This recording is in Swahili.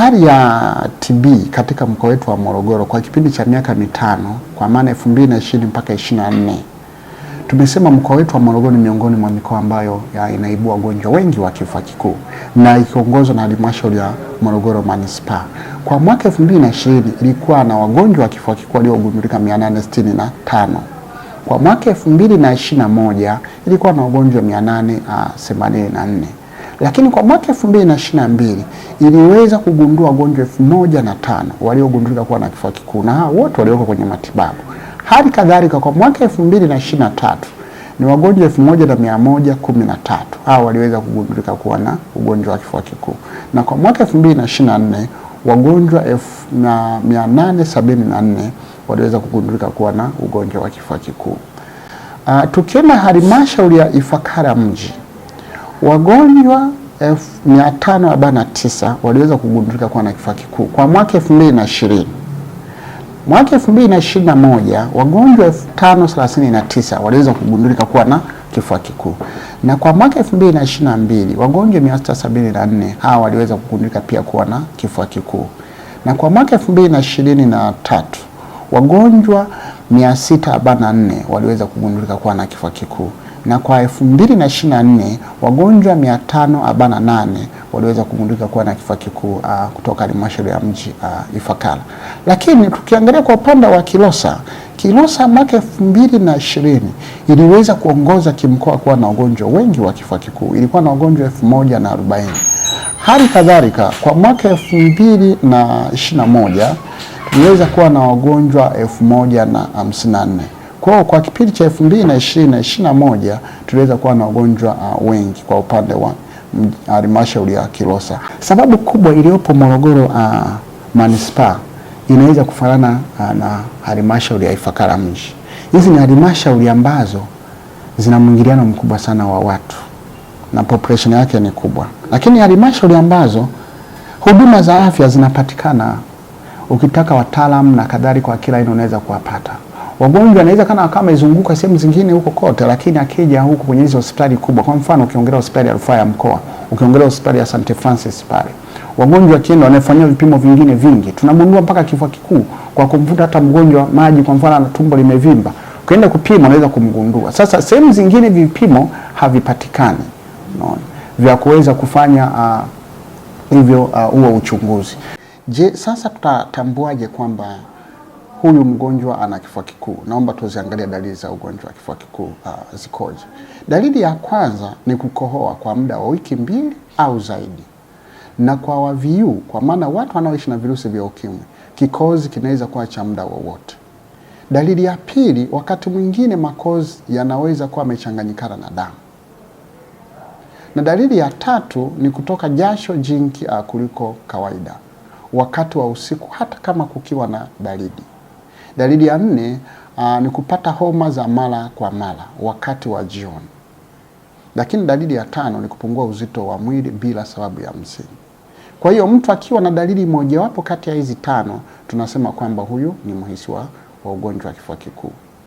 hali ya TB katika mkoa wetu wa Morogoro kwa kipindi cha miaka mitano kwa maana 2020 mpaka 24 tumesema mkoa wetu wa Morogoro ni miongoni mwa mikoa ambayo inaibua wagonjwa wengi wa kifua kikuu na ikiongozwa na halmashauri ya Morogoro Manispaa. Kwa mwaka 2020 ilikuwa na wagonjwa wa kifua kikuu waliogundulika 865. Kwa mwaka 2021 ilikuwa na wagonjwa 884. Lakini kwa mwaka elfu mbili na na mbili iliweza kugundua wagonjwa elfu moja na tano waliogundulika kuwa na kifua kikuu na hao wote walioko kwenye matibabu. Hali kadhalika kwa mwaka elfu mbili na na tatu ni wagonjwa elfu moja moja na na mia kumi tatu hao waliweza kugundulika kuwa na ugonjwa wa kifua kikuu, na kwa mwaka elfu mbili na na nne wagonjwa elfu na na mia nane sabini nne waliweza kugundulika kuwa na ugonjwa wa kifua kikuu. Uh, ah, tukienda halmashauri ya Ifakara mji wagonjwa 549 waliweza kugundulika kuwa na kifua kikuu kwa mwaka 2020. Mwaka 2021 wagonjwa 539 waliweza kugundulika kuwa na kifua kikuu, na kwa mwaka 2022 wagonjwa 674 hawa waliweza kugundulika pia kuwa na kifua kikuu, na kwa mwaka 2023 wagonjwa 644 waliweza kugundulika kuwa na kifua kikuu na kwa 2024 wagonjwa 548 waliweza kugundulika kuwa na kifua kikuu uh, kutoka halmashauri ya mji uh, Ifakara. Lakini tukiangalia kwa upande wa Kilosa, Kilosa mwaka 2020 iliweza kuongoza kimkoa kuwa na wagonjwa wengi wa kifua kikuu, ilikuwa na wagonjwa arobaini. Hali kadhalika kwa mwaka moja iliweza kuwa na wagonjwa 1054. Kwa kwa kipindi cha 2020 na 2021 tuliweza kuwa na wagonjwa uh, wengi kwa upande wa halmashauri ya Kilosa. Sababu kubwa iliyopo Morogoro uh, manispaa inaweza kufanana uh, na halmashauri ya Ifakara mji. Hizi ni halmashauri ambazo zina mwingiliano mkubwa sana wa watu na population yake ni kubwa, lakini halmashauri ambazo huduma za afya zinapatikana, ukitaka wataalamu na kadhalika, kwa kila aina unaweza kuwapata wagonjwa anaweza kana kama amezunguka sehemu zingine huko kote, lakini akija huku kwenye hizo hospitali kubwa, kwa mfano ukiongelea hospitali ya rufaa ya mkoa, ukiongelea hospitali ya St Francis pale, wagonjwa akienda wanafanyiwa vipimo vingine vingi, tunamundua mpaka kifua kikuu kwa kumvuta hata mgonjwa maji, kwa mfano ana tumbo limevimba, ukienda kupima unaweza kumgundua. Sasa sehemu zingine vipimo havipatikani, unaona, vya kuweza kufanya uh, hivyo ah, huo uh, uchunguzi. Je, sasa tutatambuaje kwamba huyu mgonjwa ana kifua kikuu. Naomba tuziangalia dalili za ugonjwa wa kifua kikuu uh, zikoje. Dalili ya kwanza ni kukohoa kwa muda wa wiki mbili au zaidi, na kwa waviu, kwa maana watu wanaoishi na virusi vya ukimwi, kikozi kinaweza kuwa cha muda wowote. Dalili ya pili, wakati mwingine makozi yanaweza kuwa yamechanganyikana na damu, na dalili ya tatu ni kutoka jasho jingi uh, kuliko kawaida wakati wa usiku, hata kama kukiwa na baridi. Dalili ya nne uh, ni kupata homa za mara kwa mara wakati wa jioni. Lakini dalili ya tano ni kupungua uzito wa mwili bila sababu ya msingi. Kwa hiyo mtu akiwa na dalili mojawapo kati ya hizi tano, tunasema kwamba huyu ni mhisiwa wa ugonjwa wa kifua kikuu.